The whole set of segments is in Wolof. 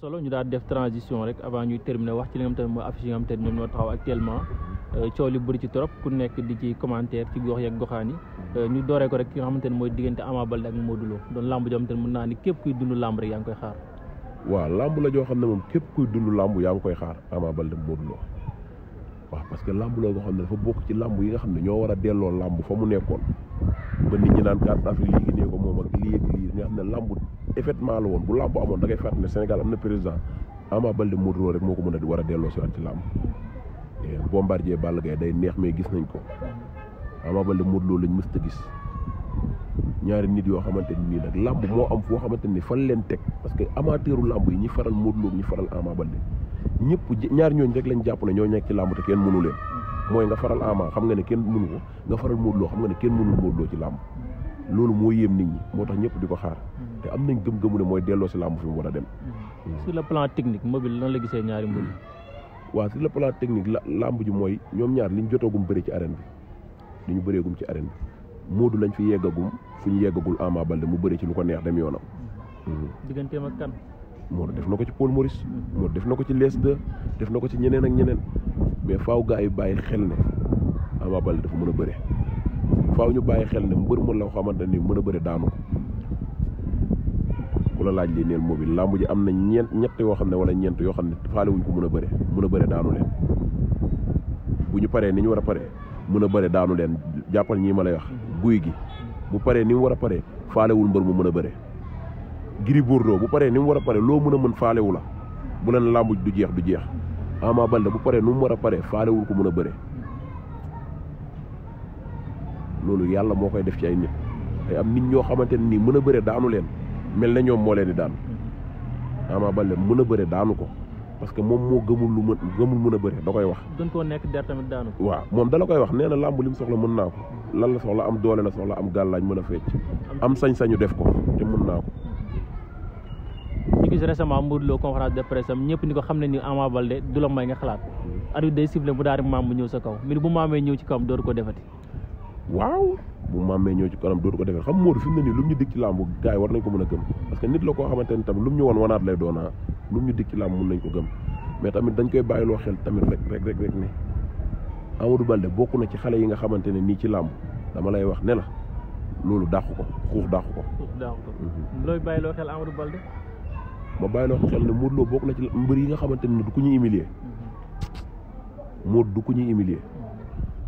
solo ñu daal def transition rek avant ñuy terminer wax ci li nga xamante ne mooy affiche yi nga xamante ne ñoom ñoo taxaw actuellement mm-hmm. euh, coow li ci trop ku nekk di ci commentaire ci gox yeeg goxaan yi mm-hmm. euh, ñu dooree ko rek ki nga xamante ne mooy diggante Ama Baldé ak Modou Lo doon lamb joo xamante ne mën naa ni koy xaar waaw lamb la joo xam ne moom képp kuy dund lamb yaa ngi koy xaar Ama Baldé Modou Lo waaw parce que lamb loo nga xam ne dafa bokk ci lamb yi nga xam ne ñoo war a delloo lamb fa mu nekkoon ba nit ñi naan carte d'Afrique yi ngi nee ko moom ak lii ak lii nga xam ne lamb événement la woon bu làmb amoon da ngay fàttali ne Sénégal am na président Ama Baldé Modou Lô rek moo ko mën a war a delloo si waat ci làmb eh, Bombardier Balla Gaye day neex mais gis nañ ko Ama Baldé Modou Lô lañ mës a gis ñaari nit yoo xamante ni nii nag làmb moo am foo xamante ni fan leen teg parce que amateuru làmb yi ñi faral Modou Lô ñi faral Ama Baldé ñëpp ñaar ñooñu rek lañ jàpp ne ñoo nekk ci làmb te kenn mënu leen mooy nga faral Ama xam nga ne kenn mënu ko nga faral xam nga ne kenn mënul Modou Lô ci làmb loolu moo yéem nit ñi moo tax ñëpp di ko xaar hmm. te am nañ gëm-gëmu ne mooy delloo si làmb fi mu war a dem hmm. hmm. si le plan technique mobile lan la gisee ñaari waaw sur le plan technique la làmb ji mooy ñoom ñaar liñ jotoogum bëri ci arène bi li ñu bëreegum ci arène bi Modou lañ fi yeggagum fu ñu yeggagul Ama Baldé mu bëri ci lu ko neex dem yoonam digganteem ak kan Modou def na ko ci Paul Maurice Modou def na ko ci Les 2 def na ko ci ñeneen ak ñeneen mais faaw gaa yi bàyyi xel ne Ama Baldé dafa mën a bëre faaw ñu bàyyi xel ne mbër mu la xamante ni mën a bëri daanu ku la laaj li neel mobile làmb ji am na ñeent ñett yoo xam ne wala ñeent yoo xam ne faale wuñ ko mën a bëre mën a bëre daanu leen ñu paree ni ñu war a paree mën a bëre daanu leen jàppal ñii ma la wax guy gi bu paree ni war a pare faalewul mbër mu mën a bëre Gris Bordeaux bu paree ni mu war a pare loo mën a mën faalewu la bu leen làmb du jeex du jeex Ama Baldé bu paree ni mu war a pare faalewul ko mën a bëre loolu yàlla moo koy def ci ay nit am nit ñoo xamante ne nii mën a bëre daanu leen mel na ñoom moo leen di daan mm-hmm. Ama leen mën a bëre daanu ko parce que moom moo gëmul lu mën gëmul mën a bëre da koy wax. gën koo nekk der tamit daanu. waaw moom da koy wax nee na làmb li mu soxla mën naa ko lan la soxla am doole la soxla am gàllaañ mën a fecc am sañ-sañu def ko te mën naa ko. Mm-hmm. ñu gis récemment Modou Lo ko xam ne ni Ama Baldé du la may nga xalaat. Mm-hmm. arbitre day siffler bu daal di maam mu ñëw sa kaw mbir bu ñëw ci kawam dootu ko defati. waaw bu mammee ñoo ci kanam dootu ko defee xam Modou fi mu ne nii lu mu ñu dig ci làmb gars yi war nañ ko mën a gëm parce que nit la ko xamante ne tamit lu mu ñu won wanaat lay doona ah. lu mu ñu dig ci làmb mun nañ ko gëm mais tamit dañ koy bàyyiloo xel tamit rek rek rek rek ne Amadou Balde bokk na ci xale yi nga xamante ne nii ci làmb dama lay wax ne la loolu dàqu ko xuux dàqu ko. xuux dàqu ko. Mhm. looy bàyyiloo xel Amadou Balde. ma bàyyiloo xel ne Modou loo bokk na ci mbër yi nga xamante ne du ku ñuy humilier mhm. Modou du ku ñuy humilier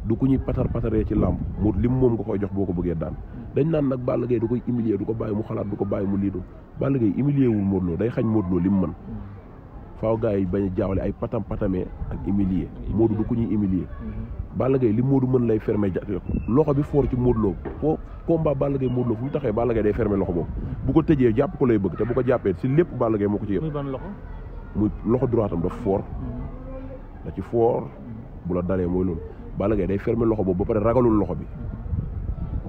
du ku ñuy patar pataree ci làmb mu lim moom nga koy jox boo ko bëggee daan dañ naan nag Balla Gaye da koy humilier du ko bàyyi mu xalaat du ko bàyyi mu lii doon Balla Gaye humilier wul Modou Lo day xañ Modou Lo lim mën faaw gars bañ a ay patam patamee ak humilier Modou du ku ñuy humilier Balla Gaye li Modou mën lay fermer jàpp loxo bi foor ci Modou loo foo combat Balla Gaye Modou Lo fu mu taxee Balla Gaye day fermer loxo boobu bu ko tëjee jàpp ko lay bëgg te ko jàppee si lépp Balla Gaye moo ko ci yëpp muy loxo droitam daf foor mm-hmm. da ci foor mm-hmm. bu la bala day fermer loxo bo ba pare ragalul loxo bi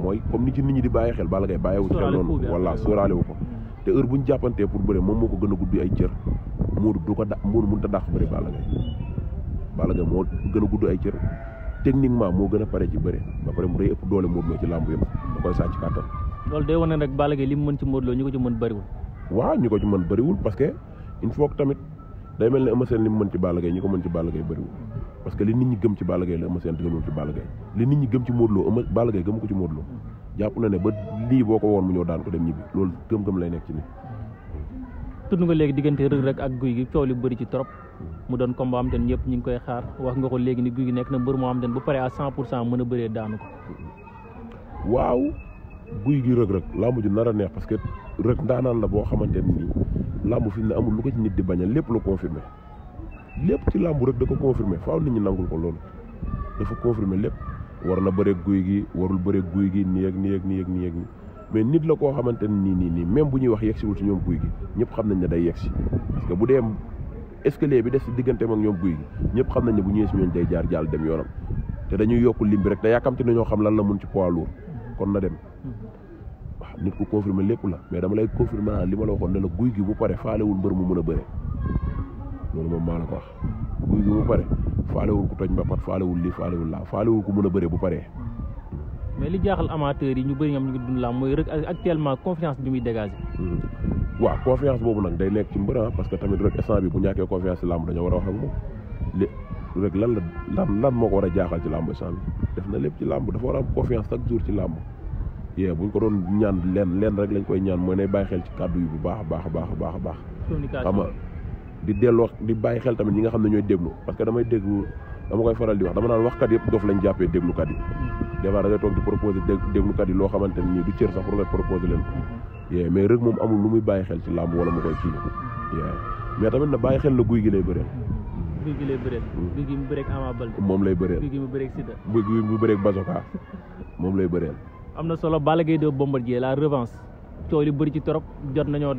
moy comme ni ci nit ñi di baye xel bala baye wu ci non wala soralé wu ko té heure buñu jappanté pour bëre mom moko gëna gën gudd ay cër mur du ko da muur mënta dàq bëre bala ngay bala ngay moo gën gudd ay cër techniquement mo gëna paré ci bëre ba pare mu rëy ëpp doole muur ci lamb yëm da koy sàcc kàttan loolu day wane rek bala ngay mën ci Modou Lo ñu ko ci mën bëriwul waaw ñu ko ci mën bëriwul parce que une fois tamit day melni mën ci mën ci parce que li nit ñi gëm ci Balla Gaye la Eumeu Sène gëmul ci Balla li nit ñi gëm ci Modou Lo Eumeu Balla ko ci Modou Lo jàpp na ne ba lii boo ko woon mu ñëw daan ko dem ñibbi loolu gëm-gëm lay nekk ci nit tudd nga léegi diggante Reug Reug ak Guy gi coow li bëri ci trop mu doon combat am ten ñëpp ñu ngi koy xaar wax nga ko léegi ni Guy gi nekk na mbër moo am ten bu paree à cent pour cent mën a bëree daanu ko waaw Guy gi Reug Reug làmb ju nar a neex parce que Reug ndaanaan la boo xamante ni làmb fi mu ne amul lu ko ci nit di bañal lépp la confirmé lépp ci làmb rek da ko confirmer faaw nit ñi nangul ko loolu dafa confirmer lépp war na bëre guy gi warul bëre guy gi nii ak nii ak nii ak nii mais nit la koo xamante nii nii nii même bu ñuy wax yegsiwul ci ñoom guy gi ñëpp xam nañ ne day yegsi parce que bu dee escalier bi des ci digganteem ak ñoom guy ñëpp xam nañ ne bu ñëwee si ñoom day jaar jaal dem yoonam dañuy yokk lim rek te yàkkamti na ñoo xam lan la mun ci poids lourd kon na dem waaw nit lépp la mais dama lay confirmer li ma la waxoon ne la guy gi bu pare faalewul mbër mu mën a bëre loolu moom maa la ko wax buy gi bu pare wul ku toj mbapat faalewul li faalewul laa wul ku mën a bëre bu paree mais li jaaxal amateur yi ñu bëri ñoom ñu ngi dund laa mooy rek actuellement confiance bi muy dégager hmm. waaw confiance boobu nag day nekk ci mbëra ah, parce que tamit rek instant bi bu ñàkkee confiance lamb làmb dañoo war a wax ak moom li rek lan la lan lan moo ko war a jaaxal ci lamb instant bi def na lépp ci lamb dafa war a am confiance chaque jour ci lamb yee buñ ko doon ñaan leen leen rek lañ koy ñaan mooy nay bàyyi xel ci kàddu yi bu baax a baax a baax a baax a baax xam nga di delloo di bàyyi xel tamit ñi nga xamne ñoy ñooy déglu parce que damay déglu dama koy faral di wax dama naan wax kat yépp dof lañ jàppee kat yi hmm. déba da nga tok di proposer proposé kat yi lo xamanteni du cër sax pour nga proposer leen ko hmm. yee mais rek mom amul lu muy bàyyi xel ci lamb wala mu koy ci hmm. yé mais tamit na bàyyi xel na guuy gi lay bëreel guuy gi lay bëreel guuy gi mu bëreeg Ama Baldé moom lay bëreel guuy gi mu bëreeg sida guuy gi mu bëreeg Bazoka mom lay bëreel amna solo balagay do Bombardier la revanche coow li bëri ci torop jot nañu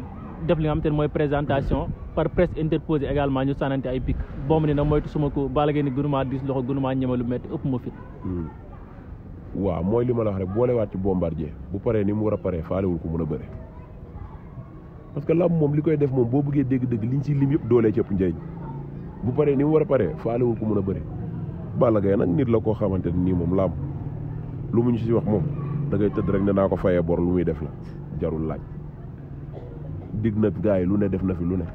def li nga xamante ne mooy présentation par presse interposée également ñu sànnante ay pic boobu ne nag moytu suma ko baala ngeen ni gënumaa diis loxo gënumaa ñeme lu métti ëpp ma fit hmm. waaw mooy li ma la wax boolewaat ci bombardier bu paree ni mu war a paree faalewul ko mën a bëre parce que làmb moom li koy def moom boo bëggee dégg-dégg ñu si lim yëpp doolee cëpp njëriñ bu paree ni mu war a paree faalewul ko mën a bëre bala Gaye nag nit la koo xamante ne nii moom làmb lu mu ñu si wax moom da ngay tëdd rek ne naa ko fayee bor lu muy def la jarul laaj dig na gaay lu ne def na fi lu ne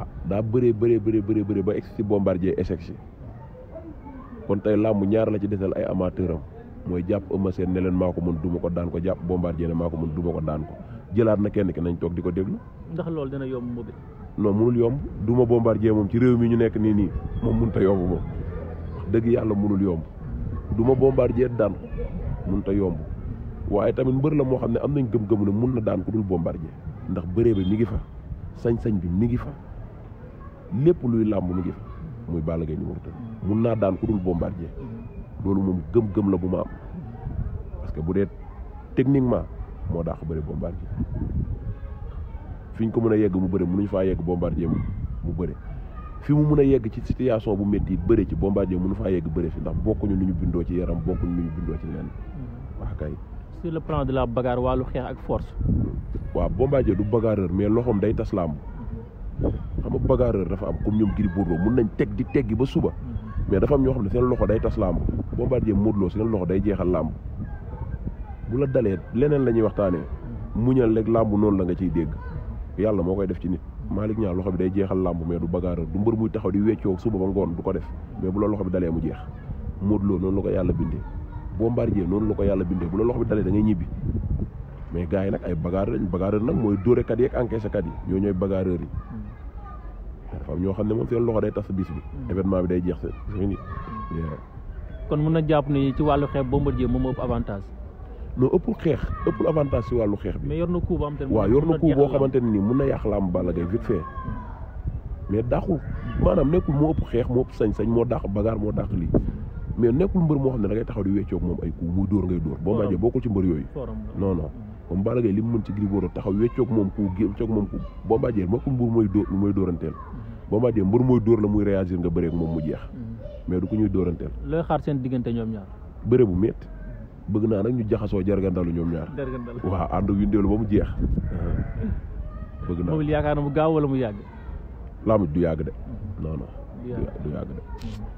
ah, da beure beure beure beure beure ba ex bombardier échec ci kon tay lamb ñaar la ci dessal ay amateuram moy japp euma sen ne len mako mën duma ko daan ko japp bombardier ne mako mën duma ko daan ko jëlaat na kenn ki nañ tok diko déglu ndax lool dina yom mo bi non mënul yom duma bombardier mom ci réew mi ñu nek ni ni mom mën ta yom mom deug yalla mënul yom duma bombardier daan mën ta yom waye tamit mbeur la mo xamne am nañ gëm gëm ne mën na daan ko dul bombardier ndax bëree bi ngi fa sañ-sañ bi mi ngi fa lépp luy làmb mi ngi fa muy Balla Gaye numéro mm-hmm. mun naa daan ku dul bombardier mm-hmm. loolu moom gëm-gëm la bu ma am mm-hmm. parce que bu dee techniquement moo daax bëri bombardier fi ñu ko mën a yegg mu bëri mënuñ faa yegg bombardier mu mu bëri fi mu mën a yegg ci situation bu métti bëri ci bombardier mënu faa yegg bëri fi ndax bokkuñu nu ñu bindoo ci yaram bokkuñu nu ñu bindoo ci leen wax kay sur le plan de la bagarre walu xex ak force wa bombardier du bagarreur mais loxom day taslam xam nga bagarreur dafa am comme ñom giri bourdo mën nañ tek di teggi ba suba mais dafa am ño xamne sen loxo day taslam lamb bombardier modlo sen loxo day jexal lamb bu la dalé leneen lañuy waxtane muñal lek lamb non la nga ci dégg yalla mo koy def ci nit malik ñaar loxo bi day jexal lamb mais du bagarreur du mbeur muy taxaw di wéccio suba ba ngoon du ko def mais bu la loxo bi dalé mu jex modlo non la ko yalla bindé bombardier noonu la ko yàlla bindee bu la loxo bi dalee da ngay ñibbi mais gars yi nag ay bagaar lañ bagarreur nag mooy dóorekat yi ak encaissekat yi ñoo ñooy bagarreur yi hmm. am ñoo xam ne moom seen loxo day tas bis bi hmm. événement bi day jeex seen hmm. kon mun na jàpp ni ci wàllu xeex bombardier moom ëpp avantage non ëppul xeex ëppul avantage si wàllu xeex bi mais yor na coup boo xamante ne waaw yor na xamante ne nii mun na yàq làmb Balla Gaye mais dàqul maanaam nekkul moo ëpp xeex moo ëpp sañ-sañ moo dàq bagaar moo dàq lii mais nekkul mbër moo xam ne da ngay taxaw di weccoog moom ay coup muy dóor ngay dóor boo majee bokkul ci mbër yooyu non non mm-hmm. moom Balla Gaye li mu mën ci Gris Bordeaux taxaw weccoog moom coup weccoog moom coup boo nekkul mbër mooy dóoranteel mm-hmm. boo majee mbër mooy dóor la muy réagir nga bëreeg moom mu jeex mm-hmm. mais du ko ñuy dóoranteel xaar seen diggante ñoom ñaar bëre bu métti bëgg naa nag ñu jaxasoo jargandalu ñoom ñaar waaw ànd ak yu ndeelu ba mu jeex bëgg naa moom yaakaar na mu gaaw wala mu yàgg laamu du yàgg de non non du yàgg de